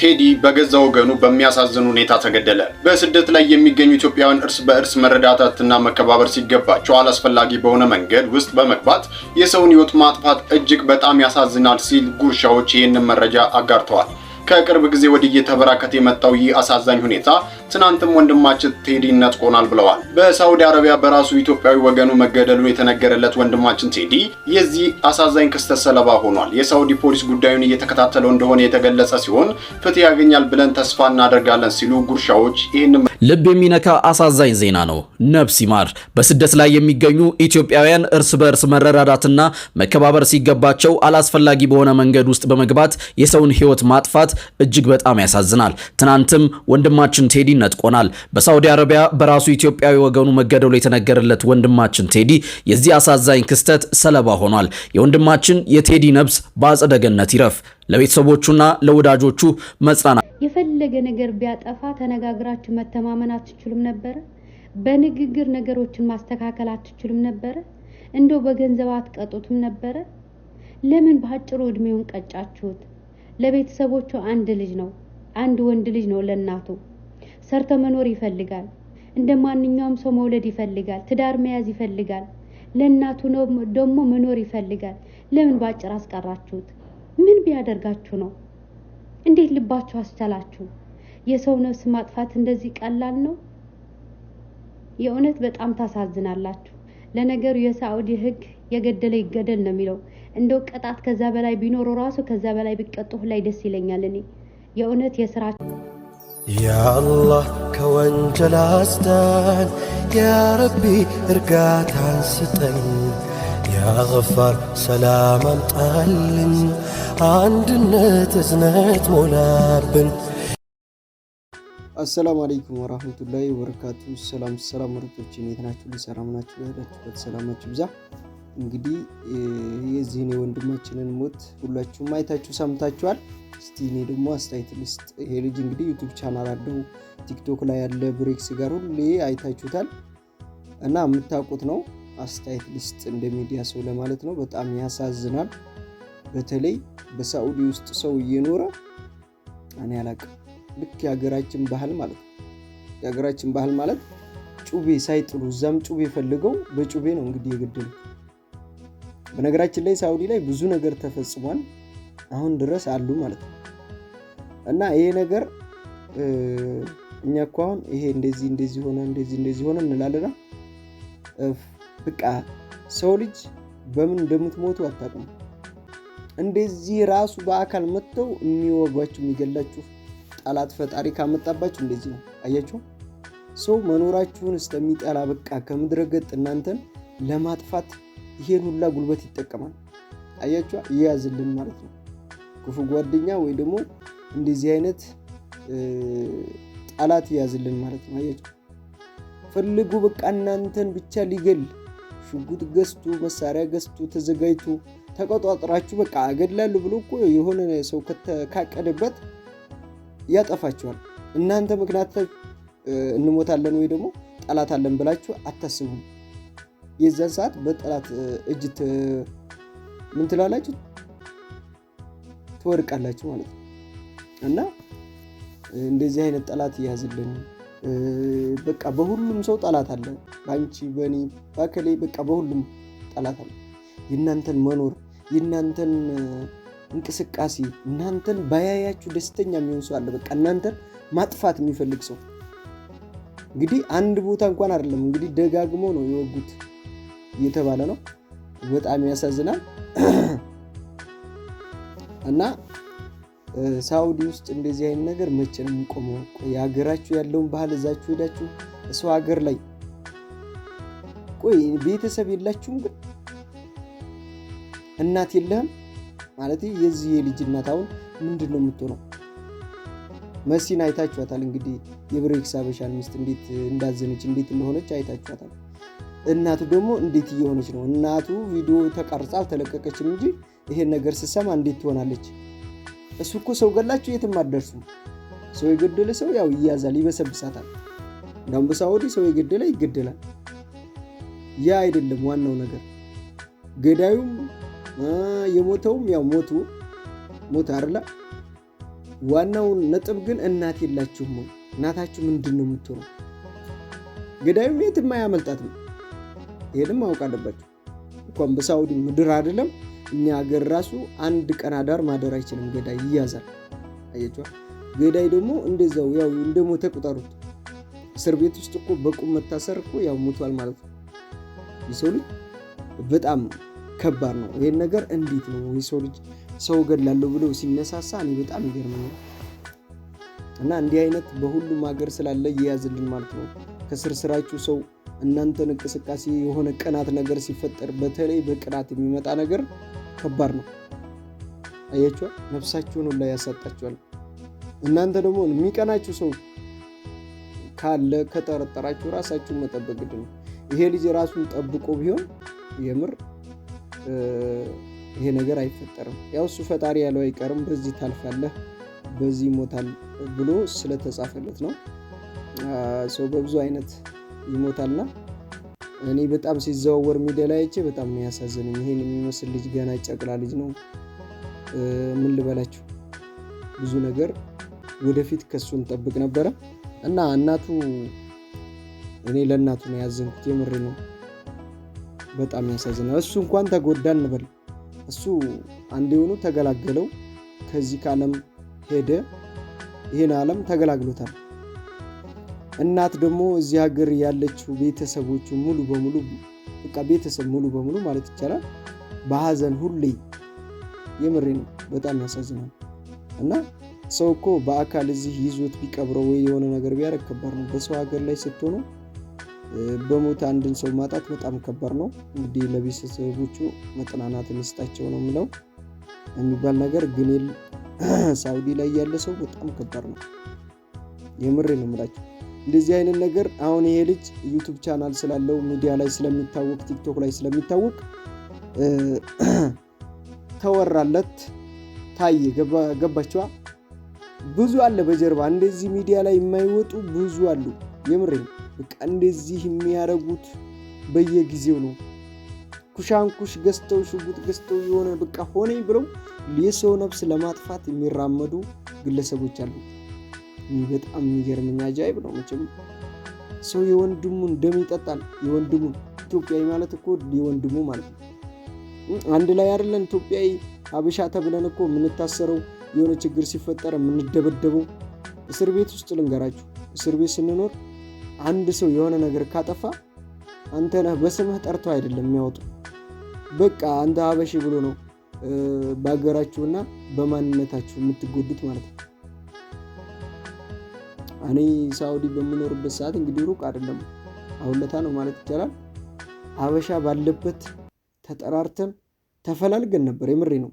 ቴዲ በገዛ ወገኑ በሚያሳዝን ሁኔታ ተገደለ። በስደት ላይ የሚገኙ ኢትዮጵያውያን እርስ በእርስ መረዳዳትና መከባበር ሲገባቸው አላስፈላጊ በሆነ መንገድ ውስጥ በመግባት የሰውን ሕይወት ማጥፋት እጅግ በጣም ያሳዝናል ሲል ጉርሻዎች ይህንን መረጃ አጋርተዋል። ከቅርብ ጊዜ ወዲህ እየተበራከተ የመጣው ይህ አሳዛኝ ሁኔታ ትናንትም ወንድማችን ቴዲ ነጥቆናል ብለዋል። በሳውዲ አረቢያ በራሱ ኢትዮጵያዊ ወገኑ መገደሉን የተነገረለት ወንድማችን ቴዲ የዚህ አሳዛኝ ክስተት ሰለባ ሆኗል። የሳውዲ ፖሊስ ጉዳዩን እየተከታተለው እንደሆነ የተገለጸ ሲሆን ፍትህ ያገኛል ብለን ተስፋ እናደርጋለን ሲሉ ጉርሻዎች ይህንም ልብ የሚነካ አሳዛኝ ዜና ነው። ነፍስ ይማር። በስደት ላይ የሚገኙ ኢትዮጵያውያን እርስ በእርስ መረዳዳትና መከባበር ሲገባቸው አላስፈላጊ በሆነ መንገድ ውስጥ በመግባት የሰውን ህይወት ማጥፋት እጅግ በጣም ያሳዝናል። ትናንትም ወንድማችን ቴዲ ነጥቆናል። በሳውዲ አረቢያ በራሱ ኢትዮጵያዊ ወገኑ መገደሉ የተነገረለት ወንድማችን ቴዲ የዚህ አሳዛኝ ክስተት ሰለባ ሆኗል። የወንድማችን የቴዲ ነብስ በአጸደ ገነት ይረፍ። ለቤተሰቦቹና ለወዳጆቹ መጽናና የፈለገ ነገር ቢያጠፋ ተነጋግራችሁ መተማመን አትችሉም ነበረ? በንግግር ነገሮችን ማስተካከል አትችሉም ነበረ? እንደው በገንዘብ አትቀጡትም ነበረ? ለምን በአጭሩ እድሜውን ቀጫችሁት? ለቤተሰቦቹ አንድ ልጅ ነው፣ አንድ ወንድ ልጅ ነው ለእናቱ። ሰርቶ መኖር ይፈልጋል። እንደ ማንኛውም ሰው መውለድ ይፈልጋል። ትዳር መያዝ ይፈልጋል። ለእናቱ ደግሞ መኖር ይፈልጋል። ለምን ባጭር አስቀራችሁት? ምን ቢያደርጋችሁ ነው? እንዴት ልባችሁ አስቻላችሁ? የሰው ነፍስ ማጥፋት እንደዚህ ቀላል ነው? የእውነት በጣም ታሳዝናላችሁ። ለነገሩ የሳዑዲ ሕግ የገደለ ይገደል ነው የሚለው። እንደው ቅጣት ከዛ በላይ ቢኖሩ ራሱ ከዛ በላይ ቢቀጡህ ላይ ደስ ይለኛል። እኔ የእውነት የስራ ያአላህ ከወንጀል አስዳን፣ ያረቢ እርጋታን ስጠኝ፣ ያገፋር ሰላም አምጣልን፣ አንድነት እዝነት ሞላብን። አሰላሙ አለይኩም ወራህመቱላሂ ወበረካቱ። ሰላም ሰላም፣ ምርቶች እንዴት ናችሁ? ሰላም ናችሁ? ያላችሁበት ሰላማችሁ ብዛ እንግዲህ የዚህን የወንድማችንን ሞት ሁላችሁም አይታችሁ ሰምታችኋል። እስቲ እኔ ደግሞ አስተያየት ልስጥ። ይሄ ልጅ እንግዲህ ዩቱብ ቻናል አለው፣ ቲክቶክ ላይ ያለ ብሬክስ ጋር ሁሌ አይታችሁታል እና የምታውቁት ነው። አስተያየት ልስጥ እንደ ሚዲያ ሰው ለማለት ነው። በጣም ያሳዝናል። በተለይ በሳዑዲ ውስጥ ሰው እየኖረ እኔ አላቅም። ልክ የሀገራችን ባህል ማለት ነው። የሀገራችን ባህል ማለት ጩቤ ሳይጥሉ እዛም ጩቤ ፈልገው በጩቤ ነው እንግዲህ የገደሉት። በነገራችን ላይ ሳውዲ ላይ ብዙ ነገር ተፈጽሟል፣ አሁን ድረስ አሉ ማለት ነው። እና ይሄ ነገር እኛ እኮ አሁን ይሄ እንደዚህ እንደዚህ ሆነ እንደዚህ እንደዚህ ሆነ እንላለና በቃ ሰው ልጅ በምን እንደምትሞቱ አታቅም እንደዚህ ራሱ በአካል መጥተው የሚወጓችሁ የሚገላችሁ ጠላት ፈጣሪ ካመጣባችሁ እንደዚህ ነው። አያችሁ ሰው መኖራችሁን እስከሚጠላ በቃ ከምድረ እናንተን ለማጥፋት ይሄን ሁላ ጉልበት ይጠቀማል። አያቸ ይያዝልን ማለት ነው። ክፉ ጓደኛ ወይ ደግሞ እንደዚህ አይነት ጠላት ይያዝልን ማለት ነው። አያቸ ፈልጉ በቃ እናንተን ብቻ ሊገል ሽጉጥ ገዝቱ፣ መሳሪያ ገዝቱ፣ ተዘጋጅቱ፣ ተቆጣጥራችሁ በቃ አገድላሉ ብሎ እኮ የሆነ ሰው ካቀደበት ያጠፋችኋል። እናንተ ምክንያት እንሞታለን ወይ ደግሞ ጠላት አለን ብላችሁ አታስቡም። የዛን ሰዓት በጠላት እጅ ምን ትላላችሁ? ትወድቃላችሁ ማለት ነው። እና እንደዚህ አይነት ጠላት እያዝልን በቃ በሁሉም ሰው ጠላት አለ። በአንቺ፣ በእኔ፣ በአከሌ በቃ በሁሉም ጠላት አለ። የእናንተን መኖር የእናንተን እንቅስቃሴ እናንተን ባያያችሁ ደስተኛ የሚሆን ሰው አለ። በቃ እናንተን ማጥፋት የሚፈልግ ሰው እንግዲህ አንድ ቦታ እንኳን አይደለም እንግዲህ ደጋግሞ ነው የወጉት። እየተባለ ነው። በጣም ያሳዝናል። እና ሳውዲ ውስጥ እንደዚህ አይነት ነገር መቼ ነው የሚቆመው? የሀገራችሁ ያለውን ባህል እዛችሁ ሄዳችሁ ሰው ሀገር ላይ ቆይ ቤተሰብ የላችሁም? ግን እናት የለህም ማለት የዚህ የልጅ እናት አሁን ምንድን ነው የምትሆነው? መሲን አይታችኋታል እንግዲህ የብሬክስ አበሻን ሚስት እንዴት እንዳዘነች እንዴት እንደሆነች አይታችኋታል። እናቱ ደግሞ እንዴት እየሆነች ነው? እናቱ ቪዲዮ ተቀርጻ አልተለቀቀችም እንጂ ይሄን ነገር ስሰማ እንዴት ትሆናለች? እሱ እኮ ሰው ገላችሁ የትም አደርሱ። ሰው የገደለ ሰው ያው ይያዛል፣ ይበሰብሳታል። እንዳንበሳ ወዲህ ሰው የገደለ ይገደላል። ያ አይደለም ዋናው ነገር። ገዳዩም የሞተውም ያው ሞቱ ሞት አርላ። ዋናው ነጥብ ግን እናት የላችሁም። እናታችሁ ምንድን ነው የምትሆነው? ገዳዩም የትም አያመልጣትም። ይሄንም ማወቅ አለባቸው። እንኳን በሳውዲ ምድር አይደለም እኛ ሀገር ራሱ አንድ ቀን አዳር ማደር አይችልም። ገዳይ ይያዛል። አያቸዋል። ገዳይ ደግሞ እንደዛው ያው እንደሞተ ቁጠሩት። እስር ቤት ውስጥ እኮ በቁም መታሰር እኮ ያው ሞቷል ማለት ነው። የሰው ልጅ በጣም ከባድ ነው። ይህን ነገር እንዴት ነው የሰው ልጅ ሰው ገድላለሁ ብለው ሲነሳሳ እኔ በጣም ይገርመኛል። እና እንዲህ አይነት በሁሉም ሀገር ስላለ ይያዝልን ማለት ነው። ከስርስራችሁ ሰው እናንተን እንቅስቃሴ የሆነ ቅናት ነገር ሲፈጠር በተለይ በቅናት የሚመጣ ነገር ከባድ ነው። አያችኋል፣ ነፍሳችሁን ሁላ ያሳጣችኋል። እናንተ ደግሞ የሚቀናችሁ ሰው ካለ ከጠረጠራችሁ ራሳችሁን መጠበቅ ግድ ነው። ይሄ ልጅ ራሱን ጠብቆ ቢሆን የምር ይሄ ነገር አይፈጠርም። ያው እሱ ፈጣሪ ያለው አይቀርም። በዚህ ታልፋለህ፣ በዚህ ይሞታል ብሎ ስለተጻፈለት ነው ሰው በብዙ አይነት ይሞታልና እኔ በጣም ሲዘዋወር ሚዲያ ላይ አይቼ በጣም ነው ያሳዘነኝ። ይሄን የሚመስል ልጅ ገና ጨቅላ ልጅ ነው። ምን ልበላችሁ ብዙ ነገር ወደፊት ከሱ እንጠብቅ ነበረ እና እናቱ እኔ ለእናቱ ነው ያዘንኩት። የምሬ ነው። በጣም ያሳዝናል። እሱ እንኳን ተጎዳ እንበል። እሱ አንድ የሆኑ ተገላገለው፣ ከዚህ ከዓለም ሄደ። ይህን ዓለም ተገላግሎታል። እናት ደግሞ እዚህ ሀገር ያለችው ቤተሰቦቹ ሙሉ በሙሉ በቃ ቤተሰብ ሙሉ በሙሉ ማለት ይቻላል በሀዘን ሁሌ የምሬ ነው። በጣም ያሳዝናል። እና ሰው እኮ በአካል እዚህ ይዞት ቢቀብረው ወይ የሆነ ነገር ቢያደርግ ከባድ ነው። በሰው ሀገር ላይ ስትሆኑ በሞት አንድን ሰው ማጣት በጣም ከባድ ነው። እንግዲህ ለቤተሰቦቹ መጠናናት የሚሰጣቸው ነው የሚለው የሚባል ነገር ግን ሳውዲ ላይ ያለ ሰው በጣም ከባድ ነው። የምሬ ነው የምላቸው። እንደዚህ አይነት ነገር አሁን ይሄ ልጅ ዩቱብ ቻናል ስላለው ሚዲያ ላይ ስለሚታወቅ ቲክቶክ ላይ ስለሚታወቅ ተወራለት፣ ታየ። ገባችዋ? ብዙ አለ በጀርባ እንደዚህ ሚዲያ ላይ የማይወጡ ብዙ አሉ። የምሬ በቃ እንደዚህ የሚያደርጉት በየጊዜው ነው። ኩሻንኩሽ ገዝተው ሽጉጥ ገዝተው የሆነ በቃ ሆነኝ ብለው የሰው ነፍስ ለማጥፋት የሚራመዱ ግለሰቦች አሉ። በጣም የሚገርመኝ አጃይብ ነው። መቼም ሰው የወንድሙን ደም ይጠጣል። የወንድሙን ኢትዮጵያዊ ማለት እኮ የወንድሙ ማለት ነው። አንድ ላይ አይደለን ኢትዮጵያዊ ሀበሻ ተብለን እኮ የምንታሰረው የሆነ ችግር ሲፈጠር የምንደበደበው። እስር ቤት ውስጥ ልንገራችሁ፣ እስር ቤት ስንኖር አንድ ሰው የሆነ ነገር ካጠፋ አንተ ነህ በስምህ ጠርተው አይደለም የሚያወጡ። በቃ አንተ አበሽ ብሎ ነው በሀገራችሁና በማንነታችሁ የምትጎዱት ማለት ነው። እኔ ሳውዲ በምኖርበት ሰዓት እንግዲህ ሩቅ አይደለም፣ አሁን ለታ ነው ማለት ይቻላል። ሀበሻ ባለበት ተጠራርተን ተፈላልገን ነበር። የምሬ ነው።